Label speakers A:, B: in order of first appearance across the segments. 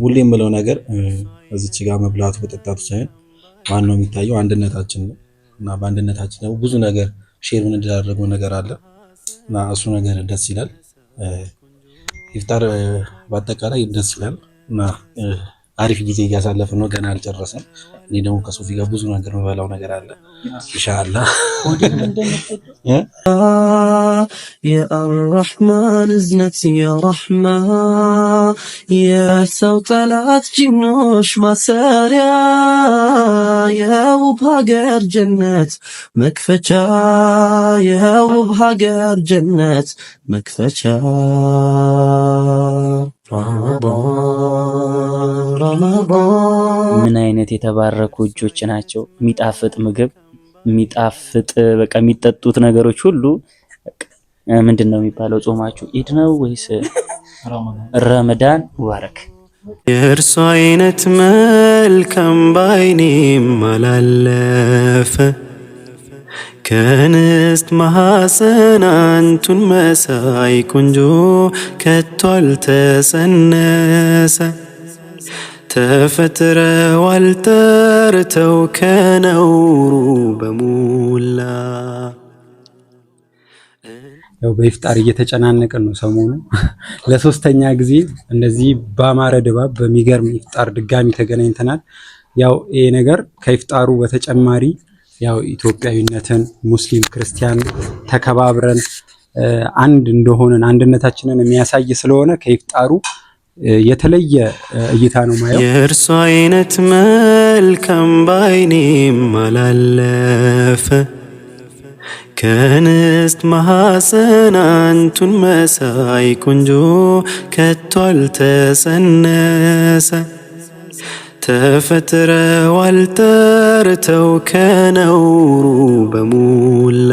A: ሁሌ የምለው ነገር እዚች ጋር መብላቱ መጠጣቱ ሳይሆን ዋናው የሚታየው አንድነታችን ነው እና በአንድነታችን ደግሞ ብዙ ነገር ሼር እንዳደረገው ነገር አለ እና እሱ ነገር ደስ ይላል። ይፍጣር በአጠቃላይ ደስ ይላል እና አሪፍ ጊዜ እያሳለፍን ነው። ገና አልጨረስም። እኔ ደግሞ ከሶፊ ጋር ብዙ ነገር የምበላው ነገር አለ ኢንሻአላ።
B: የአራሕማን እዝነት የራሕማ የሰው ጠላት ጅኖች ማሰሪያ የውብ ሀገር ጀነት መክፈቻ የውብ ሀገር ጀነት መክፈቻ
C: ምን አይነት የተባረኩ እጆች ናቸው! የሚጣፍጥ ምግብ የሚጣፍጥ በቃ የሚጠጡት ነገሮች ሁሉ ምንድን ነው የሚባለው? ጾማችሁ ኢድ ነው ወይስ ረመዳን? ሙባረክ። የእርሱ አይነት መልካም ባይኔም አላለፈ ከንስት ማሐሰን አንቱን መሳይ ቆንጆ
A: ከቶ አልተሰነሰ ተፈጥረዋል ተርተው ከነውሩ በሙላ ያው በኢፍጣር እየተጨናነቅን ነው ሰሞኑ። ለሶስተኛ ጊዜ እንደዚህ በአማረ ድባብ በሚገርም ኢፍጣር ድጋሚ ተገናኝተናል። ያው ይሄ ነገር ከኢፍጣሩ በተጨማሪ ያው ኢትዮጵያዊነትን ሙስሊም ክርስቲያን ተከባብረን አንድ እንደሆነን አንድነታችንን የሚያሳይ ስለሆነ ከኢፍጣሩ የተለየ እይታ ነው ማየው። የእርሱ አይነት መልካም ባይኔም አላለፈ ከንስት ማሐፀን አንቱን መሳይ ቆንጆ ከቶ አልተጸነሰ ተፈጥረ ዋልጠርተው ከነውሩ
D: በሙላ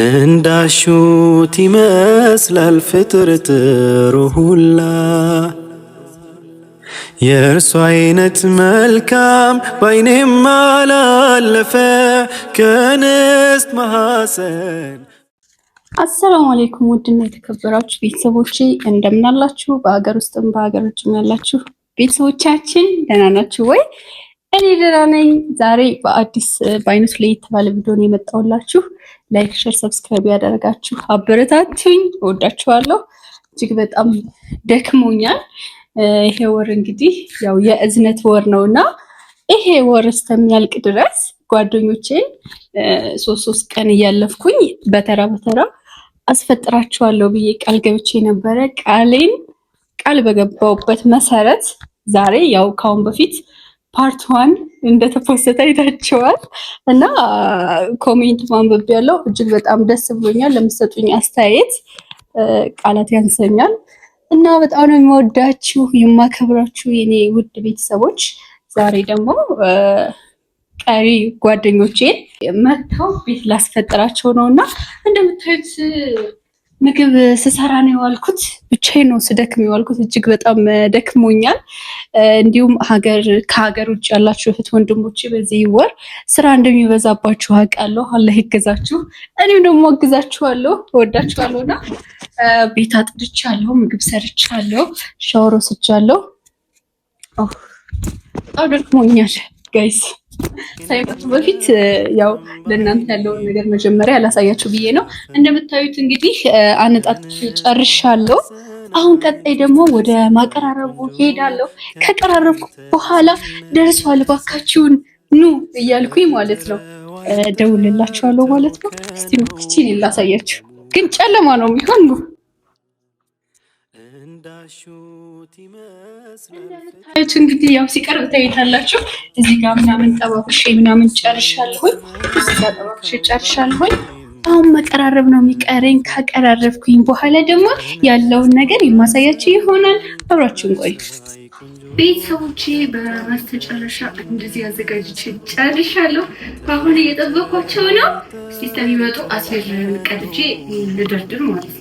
D: እንዳሹት ይመስላል ፍጥርጥሩ ሁላ የእርሱ አይነት መልካም በአይኔም አላለፈ ከንስት መሐሰን። አሰላሙ አሌይኩም ውድና የተከበራችሁ ቤተሰቦቼ እንደምናላችሁ፣ በሀገር ውስጥም በሀገር ውጭም ያላችሁ ቤተሰቦቻችን ደህና ናችሁ ወይ? እኔ ደህና ነኝ። ዛሬ በአዲስ በአይነቱ ላይ ባለ ቪዲዮ ነው የመጣሁላችሁ። ላይክ፣ ሸር፣ ሰብስክራይብ ያደረጋችሁ አበረታቱኝ። እወዳችኋለሁ። እጅግ በጣም ደክሞኛል። ይሄ ወር እንግዲህ ያው የእዝነት ወር ነው እና ይሄ ወር እስከሚያልቅ ድረስ ጓደኞቼን ሶስት ሶስት ቀን እያለፍኩኝ በተራ በተራ አስፈጥራችኋለሁ ብዬ ቃል ገብቼ የነበረ ቃሌን ቃል በገባውበት መሰረት ዛሬ ያው ካሁን በፊት ፓርት ዋን እንደተፖሰተ አይታችኋል እና ኮሜንት ማንበብ ያለው እጅግ በጣም ደስ ብሎኛል። ለምሰጡኝ አስተያየት ቃላት ያንሰኛል እና በጣም ነው የሚወዳችሁ የማከብራችሁ የኔ ውድ ቤተሰቦች። ዛሬ ደግሞ ቀሪ ጓደኞቼን መጥተው ቤት ላስፈጥራቸው ነው እና እንደምታዩት ምግብ ስሰራ ነው የዋልኩት። ብቻዬን ነው ስደክም የዋልኩት። እጅግ በጣም ደክሞኛል። እንዲሁም ሀገር ከሀገር ውጭ ያላችሁ እህት ወንድሞቼ በዚህ ወር ስራ እንደሚበዛባችሁ አውቃለሁ። አላህ ይገዛችሁ፣ እኔም ደግሞ አግዛችኋለሁ። እወዳችኋለሁና ቤት አጥድቻለሁ፣ ምግብ ሰርቻለሁ፣ ሻወር ወስጃለሁ። በጣም ደክሞኛል ጋይስ ሳይቀርቱ በፊት ያው ለእናንተ ያለውን ነገር መጀመሪያ ያላሳያችሁ ብዬ ነው። እንደምታዩት እንግዲህ አነጣት ጨርሻለሁ። አሁን ቀጣይ ደግሞ ወደ ማቀራረቡ ሄዳለሁ። ከቀራረብኩ በኋላ ደርሷል ባካችሁን ኑ እያልኩኝ ማለት ነው ደውልላችኋለሁ ማለት ነው። እስቲ ቺን ላሳያችሁ፣ ግን ጨለማ ነው የሚሆን ነው እንደምታዩት እንግዲህ ያው ሲቀርብ ታዩታላችሁ። እዚህ ጋር ምናምን ጠባብሼ ምናምን ጨርሻለሁኝ። እዚህ ጋር ጠባብሼ ጨርሻለሁኝ። አሁን መቀራረብ ነው የሚቀረኝ። ካቀራረብኩኝ በኋላ ደግሞ ያለውን ነገር የማሳያችሁ ይሆናል። አብራችሁን ቆዩ ቤተሰቦቼ። በመስተጨረሻ እንደዚህ አዘጋጅቼ ጨርሻለሁ። በአሁን እየጠበኳቸው ነው። እስኪ ስለሚመጡ አስቤዛ ቀድጄ ልደርድር ማለት ነው።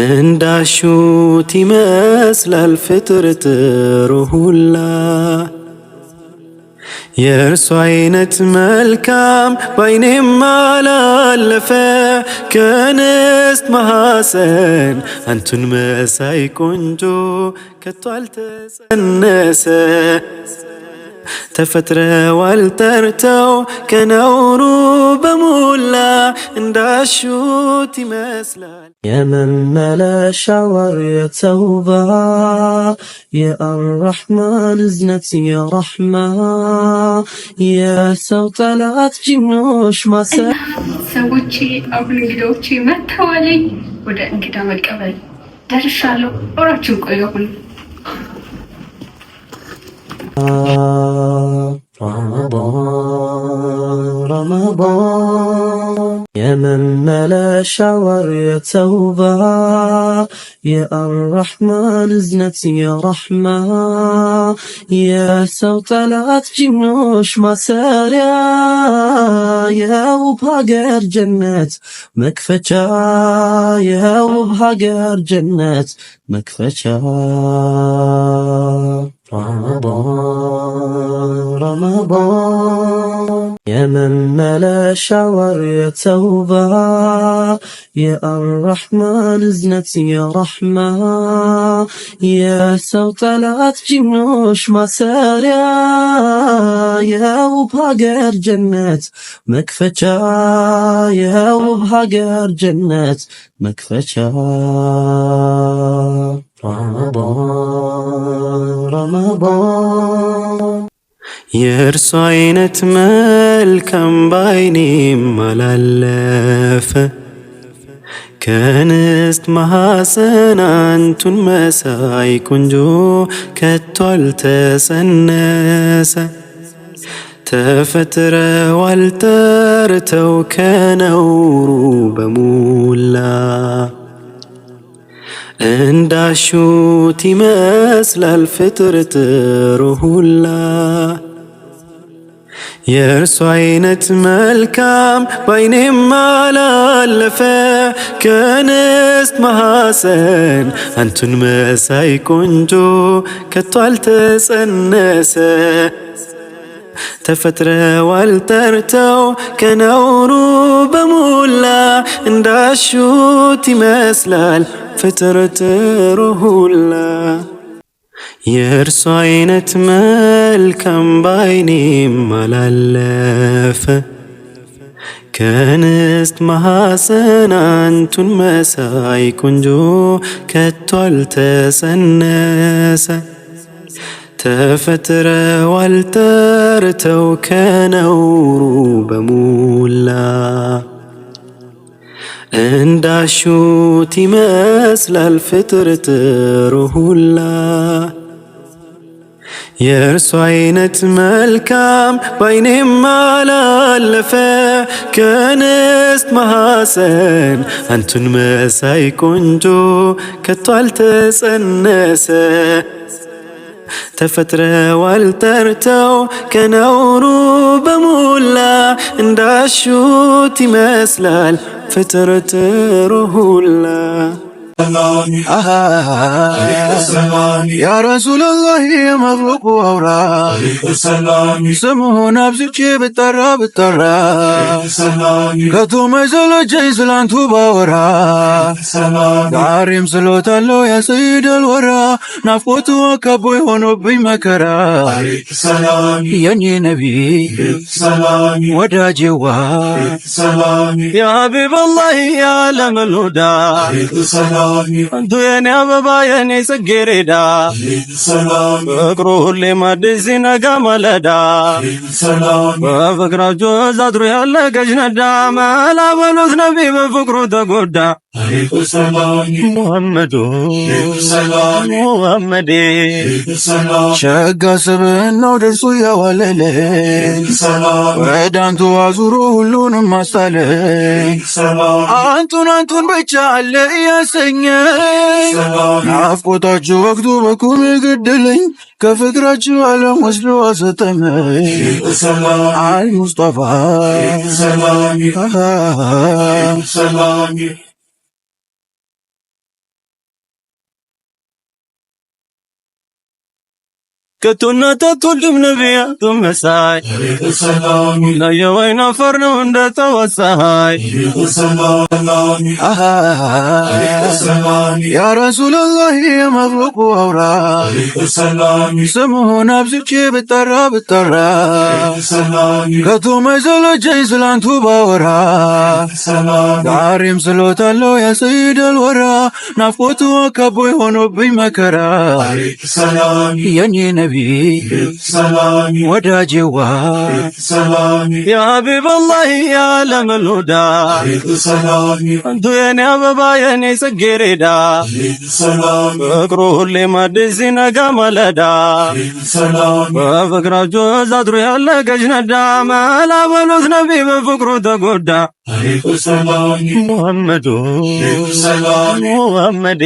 D: እንዳሹት ይመስላል ፍጥርጥሩ ሁላ የእርሱ አይነት መልካም ባይኔም አላለፈ
B: ከንስት ማሐፀን አንቱን መሳይ ቆንጆ ከቶ አልተጸነሰ። ተፈጥረዋል ጠርተው ከነውሩ በሞላ እንዳሹት ይመስላል የመመለሻዋር የተውባ የአራሕማን እዝነት የራሕማ የሰው ጠላት ጅኖች ማሰ
D: ሰዎቼ አሁን እንግዳዎቼ መተዋለኝ ወደ እንግዳ መቀበል ደርሻለሁ። አብራችሁ ቆዩ Ramadan, Ramadan. يا من ملا يا توبة يا الرحمن زنت يا رحمة يا لات جنوش ما مساريا يا وبهاجر جنة مكفتشا يا وبهاجر جنة مكفتشا
B: رمضان رمضان يا من ملا شعر توبة يا الرحمن يا رحمة يا صوت لا تجنوش سالا يا وبهاجر جنات مكفتشا يا وبهاجر جنات مكفتشا رمضان رمضان የእርሱ አይነት መልካም ባይኔም አላለፈ ከንስት ማሐሰን አንቱን መሳይ ቆንጆ ከቶ አልተጸነሰ። ተፈጥረዋል ጠርተው ከነውሩ በሙላ እንዳሹት ይመስላል ፍጥር ጥሩ ሁላ የእርሱ አይነት መልካም በአይኔም አላለፈ ከንስት ማሐፀን አንቱን መሳይ ቆንጆ ከቶ አልተጸነሰ ተፈጥረዋል ጠርተው ከነውሩ በሞላ እንዳሹት ይመስላል ፍጥረት ሁላ የእርሱ አይነት መልካም ባይኔም አላለፈ። ከንስት ማሐፀን አንቱን መሳይ ቆንጆ ከቶ አልተጸነሰ። ተፈጥረዋል ጠርተው ከነውሩ በሙላ እንዳሹት ይመስላል ፍጥር ጥሩ ሁላ የእርሱ አይነት መልካም በአይኔም አላለፈ ከንስት ማሐፀን አንቱን መሳይ ቆንጆ ከቶ አልተጸነሰ። ተፈጥረዋል ጠርተው ከነውሩ በሞላ እንዳሹት ይመስላል ፍጥረት ሁላ ያ ረሱለላህ የመብሩቁ አውራ ስምሆን አብዝቼ ብጠራ ብጠራ ከቶ መይሰለቸኝ ስላንቱ ባወራ ዛሬም ስሎታለው ያሰይደል ወራ ናፍቆቱ አካቦይ ሆኖብኝ መከራ የኔ ነቢ ወዳጄዋ የሀቢበላህ ያለመሎዳ አንቱ የኔ አበባ የኔ ጽጌሬዳ ፍቅሩ ሁሌም አዲስ ሲነጋ ማለዳ በፍቅራችሁ እዛትሩ ያለ ገጅ ነዳ መላ በሉት ነቢ በፍቅሩ ተጎዳ ሙሐመድ ሙሐመድ ሸጋ ስብህናው ደርሶ ያዋለለ ወደ አዙሮ ሁሉንም አስታለ አንቱን አንቱን ብቻ አለ እያሰኘ ናፍቆታችሁ ወቅቱ በኩም ገደለኝ ከፍቅራችሁ ዓለም ወስዶ አሰጠመኝ አል ሙስጠፋ ከቶና ታቶልም ነቢያቱ መሳይ ናየው አይን አፋር ነው እንደ ተወሳይ ያ ረሱልላህ የመብሩቁ አውራ ስምሆን አብዝቼ ብጠራ ብጠራ ከቶ ማይዘለጀኝ ስላንቱ ባወራ ዳሪም ስሎታለው ያሰይደል ወራ ናፍቆቱ አካቦ የሆኖብኝ መከራ የኔ ነቢ ቤተሰቤ ወዳጄዋ የሀቢበላህ ያለመሎዳ አንቱ የኔ አበባ የኔ ጽጌሬዳ ፍቅሩ ሁሌም አዲስ ሲነጋ ማለዳ በፍቅራችሁ ዛድሮ ያለ ገጅነዳ ነዳ መላ በሎት ነቢ በፍቅሩ ተጎዳ ሙሐመድ ሙሐመድ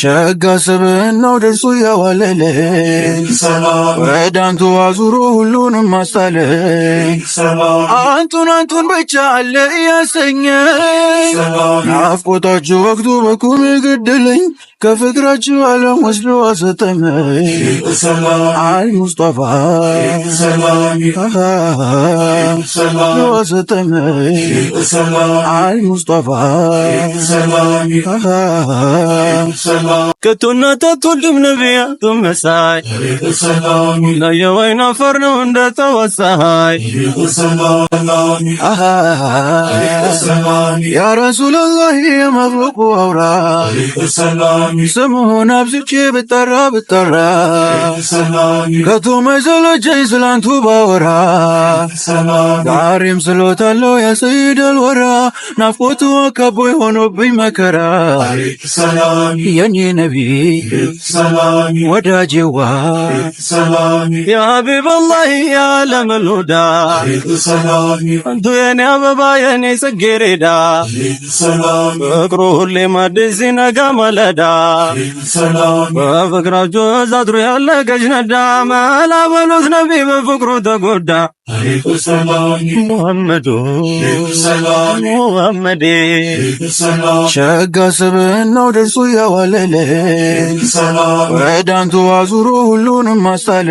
B: ሸጋ ስብናው ደርሶ ያዋለለ ወደ አዙሮ ሁሉንም ማሳለ አንቱን አንቱን ብቻ አለ እያሰኘ ናፍቆታችሁ ወቅቱ በቁም ይገድለኝ ከፍቅራችሁ ዓለም ወስዶ አሰጠመ አይ ሙስጠፋ አይ ሙስጠፋ ከቶና ታትወልድም ነቢያቱ መሳይ ናየወይን አፈር ነው እንደተወሳይ ያ ረሱላላህ የመብሩቁ አውራ ስምሆን አብዝቼ ብጠራ ብጠራ ከቶ መይሰለቸኝ ስላንቱ ባወራ ዛሬም ስሎታለው ያሰይደል ወራ ናፍቆቱ አካቦ የሆኖብኝ መከራ የኔ ወዳጄዋ የሀቢበላህ የዓለም ሉዳ አንቱ የኔ አበባ የኔ ጽጌሬዳ ፍቅሩ ሁሌም አዲስ ሲነጋ ማለዳ በፍቅራችሁ እዛ ያለ ገጅነዳ ነዳ ነቢ በፍቅሩ ተጎዳ ሙሐመድ ሙሐመድ ሸጋ ስብናው ደርሶ ያዋለለ ወዳንቱ አዙሮ ሁሉንም አስታለ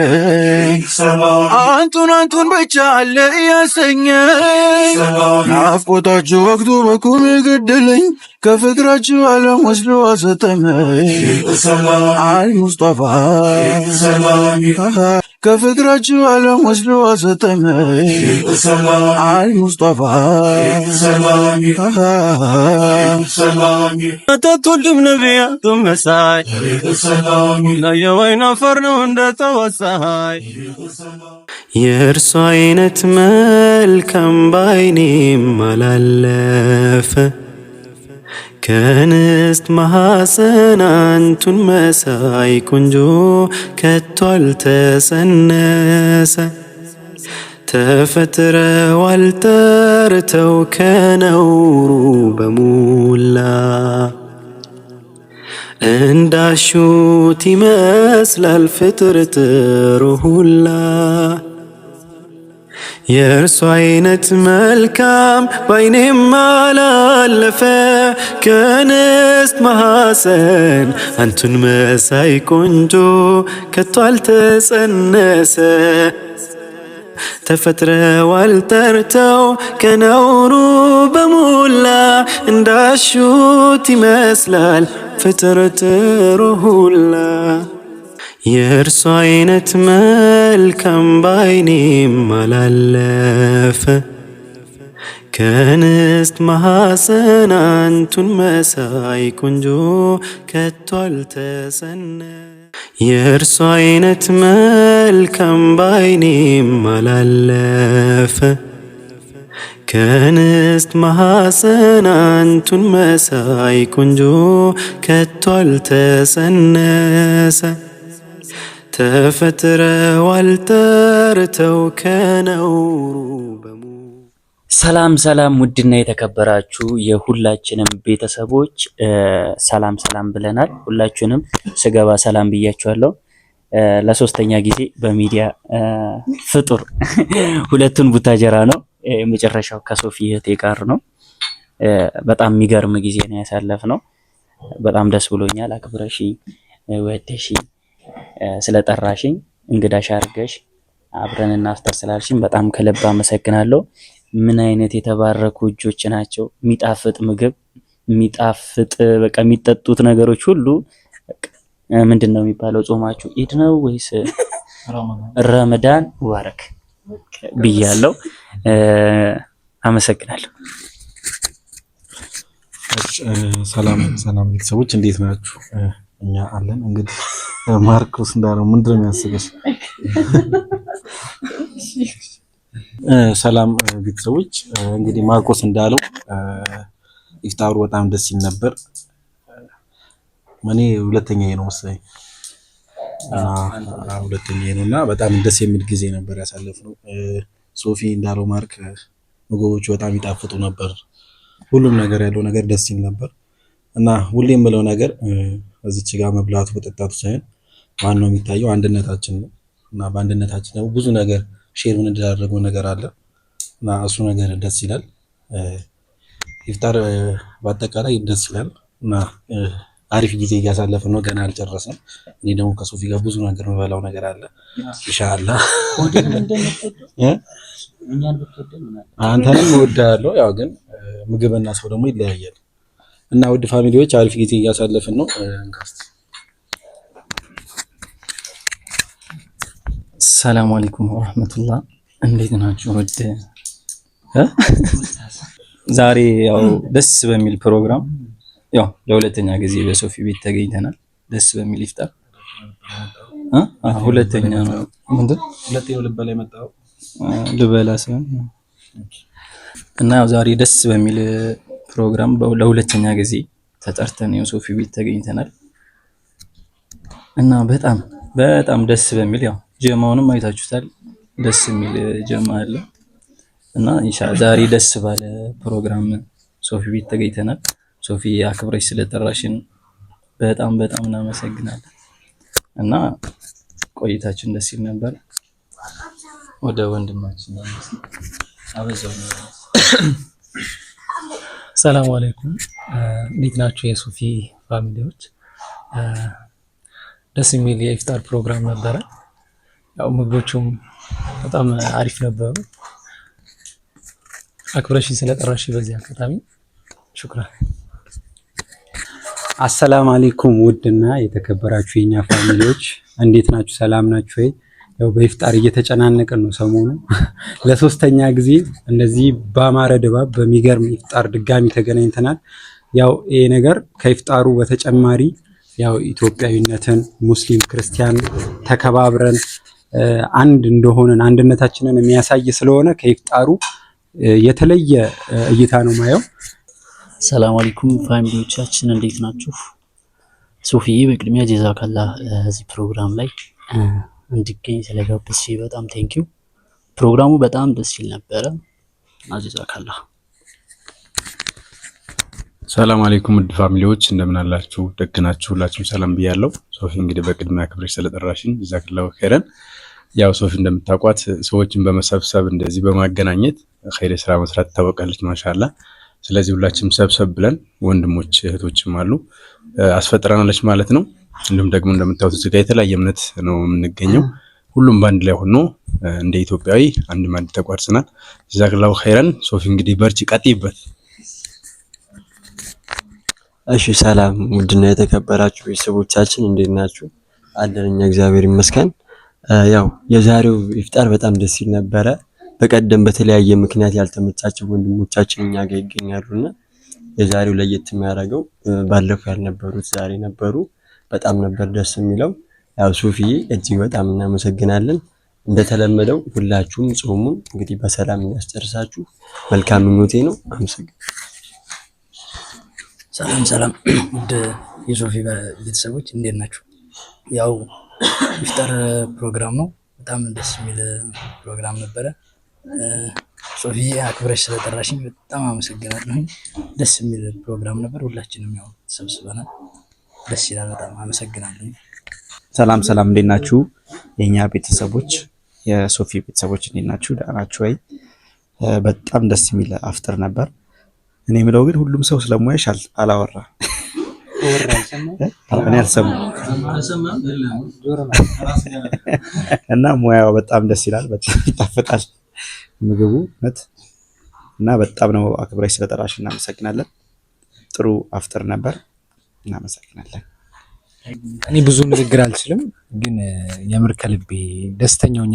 B: አንቱን አንቱን ብቻ አለ ያሰኘ ናፍቆታችሁ ወቅቱ በቁም የገደለኝ ከፍቅራችሁ ዓለም ወስዶ አሰጠመ አል ሙስጠፋ ከፍቅራችሁ ዓለም ወስዶ አሰጠመ አል ሙስጠፋ አታትወልም ነቢያቱ መሳይ ለየወይን አፈር ነው እንደተወሳይ የእርሱ አይነት መልካም ባይኔም አላለፈ كانست ما سنانتون مساي كنجو كتولت سنسا تفتر والترتو كانو روب مولا انداشو تمس للفترة روهولا የእርሱ አይነት መልካም በአይኔም አላለፈ ከንስት ማሐፀን አንቱን መሳይ ቆንጆ ከቶ አልተጸነሰ። ተፈጥረዋል ጠርተው ከነውሩ በሞላ እንዳሹት ይመስላል ፍጥረት ሁላ የእርሱ አይነት መልካም ባይኔ አላለፈ። ከንስት ማህፀን አንቱን መሳይ ቆንጆ ከቶ አልተሰነ የእርሱ አይነት መልካም ባይኔ አላለፈ። ከንስት ማህፀን አንቱን መሳይ ቆንጆ ከቶ አልተሰነሰ ተፈጥረዋል ተርተው ከነውሩ
C: ሰላም ሰላም፣ ውድና የተከበራችሁ የሁላችንም ቤተሰቦች ሰላም ሰላም ብለናል። ሁላችሁንም ስገባ ሰላም ብያችኋለሁ። ለሶስተኛ ጊዜ በሚዲያ ፍጡር ሁለቱን ቡታጀራ ነው። የመጨረሻው ከሶፊ እህቴ ጋር ነው። በጣም የሚገርም ጊዜ ነው ያሳለፍ ነው። በጣም ደስ ብሎኛል። አክብረሽኝ ወደሽኝ ስለጠራሽኝ እንግዳሽ አድርገሽ አብረን እናፍጠር ስላልሽኝ በጣም ከልብ አመሰግናለሁ። ምን አይነት የተባረኩ እጆች ናቸው! የሚጣፍጥ ምግብ፣ የሚጣፍጥ በቃ የሚጠጡት ነገሮች ሁሉ ምንድን ነው የሚባለው? ጾማችሁ ኢድ ነው ወይስ ረመዳን? ሙባረክ ብያለው። አመሰግናለሁ።
A: ሰላም ሰላም ቤተሰቦች እንዴት ናችሁ? እኛ አለን እንግዲህ ማርቆስ እንዳለው ምንድን ነው የሚያስበሽ? ሰላም ቤተሰቦች፣ እንግዲህ ማርቆስ እንዳለው ኢፍጣሩ በጣም ደስ ይል ነበር። እኔ ሁለተኛ ነው መሰለኝ ሁለተኛ ነው እና በጣም ደስ የሚል ጊዜ ነበር ያሳለፍነው። ሶፊ እንዳለው ማርክ ምግቦቹ በጣም ይጣፍጡ ነበር። ሁሉም ነገር ያለው ነገር ደስ ይል ነበር እና ሁሌ የምለው ነገር እዚች ጋር መብላቱ መጠጣቱ ሳይሆን ዋናው የሚታየው አንድነታችን ነው እና በአንድነታችን ደግሞ ብዙ ነገር ሼር ምን ነገር አለ እና እሱ ነገር ደስ ይላል። ኢፍጣር በአጠቃላይ ደስ ይላል እና አሪፍ ጊዜ እያሳለፍን ነው። ገና አልጨረሰም። እኔ ደግሞ ከሶፊ ጋር ብዙ ነገር የምበላው ነገር አለ ኢንሻአላ። አንተንም እወድሃለሁ። ያው ግን ምግብና ሰው ደግሞ ይለያያል። እና ውድ ፋሚሊዎች አሪፍ ጊዜ እያሳለፍን ነው።
C: ሰላም አለይኩም ወራህመቱላህ እንዴት ናችሁ? ውድ ዛሬ ያው ደስ በሚል ፕሮግራም ያው ለሁለተኛ ጊዜ በሶፊ ቤት ተገኝተናል። ደስ በሚል ይፍጠር ሁለተኛ ነው
A: ምንድን ሁለተኛው ልበላ የመጣው
C: ልበላ እና ያው ዛሬ ደስ በሚል ፕሮግራም ለሁለተኛ ጊዜ ተጠርተን የሶፊ ቤት ተገኝተናል እና በጣም በጣም ደስ በሚል ያው ጀማውንም አይታችሁታል። ደስ የሚል ጀማ አለ እና ኢንሻአላህ ዛሬ ደስ ባለ ፕሮግራም ሶፊ ቤት ተገኝተናል። ሶፊ አክብረሽ ስለጠራሽን በጣም በጣም እናመሰግናለን እና ቆይታችን ደስ ይል ነበር። ወደ ወንድማችን አበዛው
A: ሰላም አለይኩም እንዴት ናችሁ የሱፊ ፋሚሊዎች? ደስ የሚል የኢፍጣር ፕሮግራም ነበረ። ያው ምግቦቹም በጣም አሪፍ ነበሩ። አክብረሽ ስለጠራሽ በዚህ አጋጣሚ ሹክራን። አሰላም አለይኩም ውድና የተከበራችሁ የኛ ፋሚሊዎች እንዴት ናችሁ? ሰላም ናችሁ ወይ? ያው በኢፍጣር እየተጨናነቅን ነው ሰሞኑ። ለሶስተኛ ጊዜ እንደዚህ በአማረ ድባብ በሚገርም ኢፍጣር ድጋሚ ተገናኝተናል። ያው ይሄ ነገር ከኢፍጣሩ በተጨማሪ ያው ኢትዮጵያዊነትን ሙስሊም ክርስቲያን ተከባብረን አንድ እንደሆነን አንድነታችንን የሚያሳይ ስለሆነ ከኢፍጣሩ የተለየ እይታ ነው ማየው።
C: ሰላም አለይኩም ፋሚሊዎቻችን እንዴት ናችሁ? ሶፊዬ በቅድሚያ ጀዛካላ እዚህ ፕሮግራም ላይ እንድገኝ ስለጋበዝሽ በጣም ቴንኪው። ፕሮግራሙ በጣም ደስ ሲል ነበረ። አዚዛካላ
A: ሰላም አለይኩም ውድ ፋሚሊዎች እንደምን አላችሁ? ደግ ናችሁ? ሁላችሁም ሰላም ብያለሁ። ሶፊ እንግዲህ በቅድሚያ ክብሬሽ ስለጠራሽኝ ጀዛከላሁ ኸይረን። ያው ሶፊ እንደምታውቋት ሰዎችን በመሰብሰብ እንደዚህ በማገናኘት ኸይር ስራ መስራት ትታወቃለች። ማሻላ ስለዚህ ሁላችንም ሰብሰብ ብለን ወንድሞች እህቶችም አሉ አስፈጥረናለች ማለት ነው። እንዲሁም ደግሞ እንደምታዩት እዚህ ጋር የተለያየ እምነት ነው የምንገኘው። ሁሉም በአንድ ላይ ሆኖ እንደ ኢትዮጵያዊ አንድ ማዕድ ተቋርሰናል። ዛክላው ኸይረን ሶፊ እንግዲህ በርቺ ቀጥይበት።
C: እሺ ሰላም ውድና የተከበራችሁ ቤተሰቦቻችን እንዴት ናችሁ? አለን እግዚአብሔር ይመስገን። ያው የዛሬው ኢፍጣር በጣም ደስ ሲል ነበረ። በቀደም በተለያየ ምክንያት ያልተመቻቸው ወንድሞቻችን እኛ ጋር ይገኛሉና የዛሬው ለየት የሚያደርገው ባለፈው ያልነበሩት ዛሬ ነበሩ። በጣም ነበር ደስ የሚለው። ያው ሱፊ እጅግ በጣም እናመሰግናለን። እንደተለመደው ሁላችሁም ጾሙን እንግዲህ በሰላም የሚያስጨርሳችሁ መልካም ምኞቴ ነው። አመሰግን ሰላም ሰላም፣ የሶፊ ቤተሰቦች እንዴት ናችሁ? ያው ይፍጠር ፕሮግራም ነው። በጣም ደስ የሚል ፕሮግራም ነበረ። ሶፊ አክብረሽ ስለጠራሽኝ በጣም አመሰግናለሁኝ። ደስ የሚል ፕሮግራም ነበር። ሁላችንም ያው ተሰብስበናል። ደስ ይላል። በጣም አመሰግናለሁ።
A: ሰላም ሰላም፣ እንዴት ናችሁ የእኛ ቤተሰቦች፣ የሶፊ ቤተሰቦች እንዴት ናችሁ? ደህና ናችሁ ወይ? በጣም ደስ የሚል አፍጥር ነበር። እኔ የምለው ግን ሁሉም ሰው ስለሙያሽ አላወራ እና ሙያው በጣም ደስ ይላል። በጣም ይጣፍጣል ምግቡ እውነት እና በጣም ነው አክብራሽ ስለጠራሽ እናመሰግናለን። ጥሩ አፍጥር ነበር። እናመሰግናለን። እኔ ብዙ ንግግር አልችልም፣ ግን የምር ከልቤ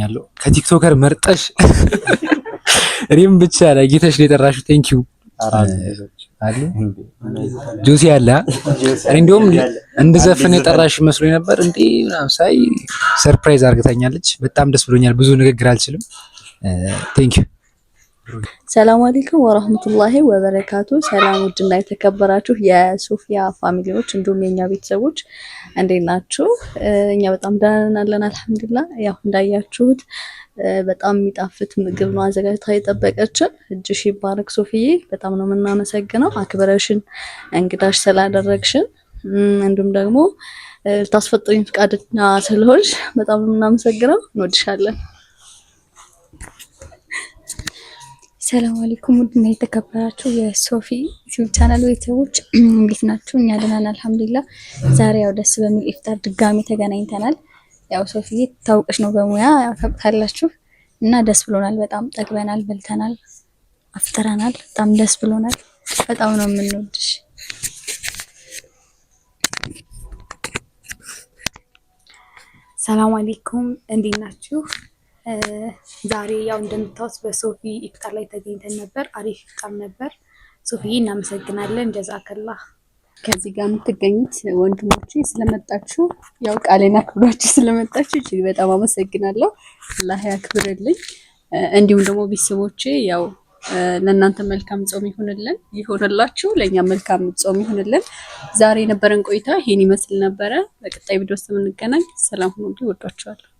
A: ያለው ከቲክቶከር መርጠሽ እኔም ብቻ ለጌተሽ የጠራሹ ቴንኪዩ አለ ጆሲ አለ። እኔ እንዲሁም እንድዘፍን የጠራሽ መስሎ ነበር እንዴ ሳይ ሰርፕራይዝ አርግታኛለች። በጣም ደስ ብሎኛል። ብዙ ንግግር አልችልም። ቴንኪዩ
D: ሰላም አለይኩም ወራህመቱላሂ ወበረካቱ። ሰላም ውድና የተከበራችሁ የሶፊያ ፋሚሊዎች እንዲሁም የኛ ቤተሰቦች እንዴት ናችሁ? እኛ በጣም ደህና ነን አልሐምዱሊላህ። ያው እንዳያችሁት በጣም የሚጣፍጥ ምግብ ነው አዘጋጅታ የጠበቀችን። እጅሽ ይባረክ ሶፊዬ፣ በጣም ነው የምናመሰግነው አክብረሽን እንግዳሽ ስላደረግሽን እንዲሁም ደግሞ ልታስፈጥሪን ፍቃደኛ ስለሆንሽ በጣም ነው የምናመሰግነው። እንወድሻለን። ሰላም አለይኩም ውድና የተከበራችሁ የሶፊ ዩቲዩብ ቻናል ቤተሰቦች እንዴት ናችሁ? እኛ ደህና ነን ዛሬ ያው ደስ በሚል ኢፍጣር ድጋሚ ተገናኝተናል። ያው ሶፊ ታውቅሽ ነው በሙያ ያው ታውቃላችሁ እና ደስ ብሎናል። በጣም ጠግበናል፣ በልተናል፣ አፍጥረናል። በጣም ደስ ብሎናል። በጣም ነው የምንወድሽ። ሰላም አለይኩም እንዴት ናችሁ? ዛሬ ያው እንደምታዩት በሶፊ ኢፍጣር ላይ ተገኝተን ነበር። አሪፍ ኢፍጣር ነበር። ሶፊ እናመሰግናለን። ጀዛከላህ። ከዚህ ጋር የምትገኙት ወንድሞቼ ስለመጣችሁ ያው ቃሌን አክብራችሁ ስለመጣችሁ እጅግ በጣም አመሰግናለሁ። አላህ ያክብርልኝ። እንዲሁም ደግሞ ቤተሰቦቼ ያው ለእናንተ መልካም ጾም ይሁንልን ይሁንላችሁ፣ ለእኛ መልካም ጾም ይሁንልን። ዛሬ የነበረን ቆይታ ይሄን ይመስል ነበረ። በቀጣይ ቪዲዮ ውስጥ የምንገናኝ ሰላም ሁኑ። ወዳችኋለሁ።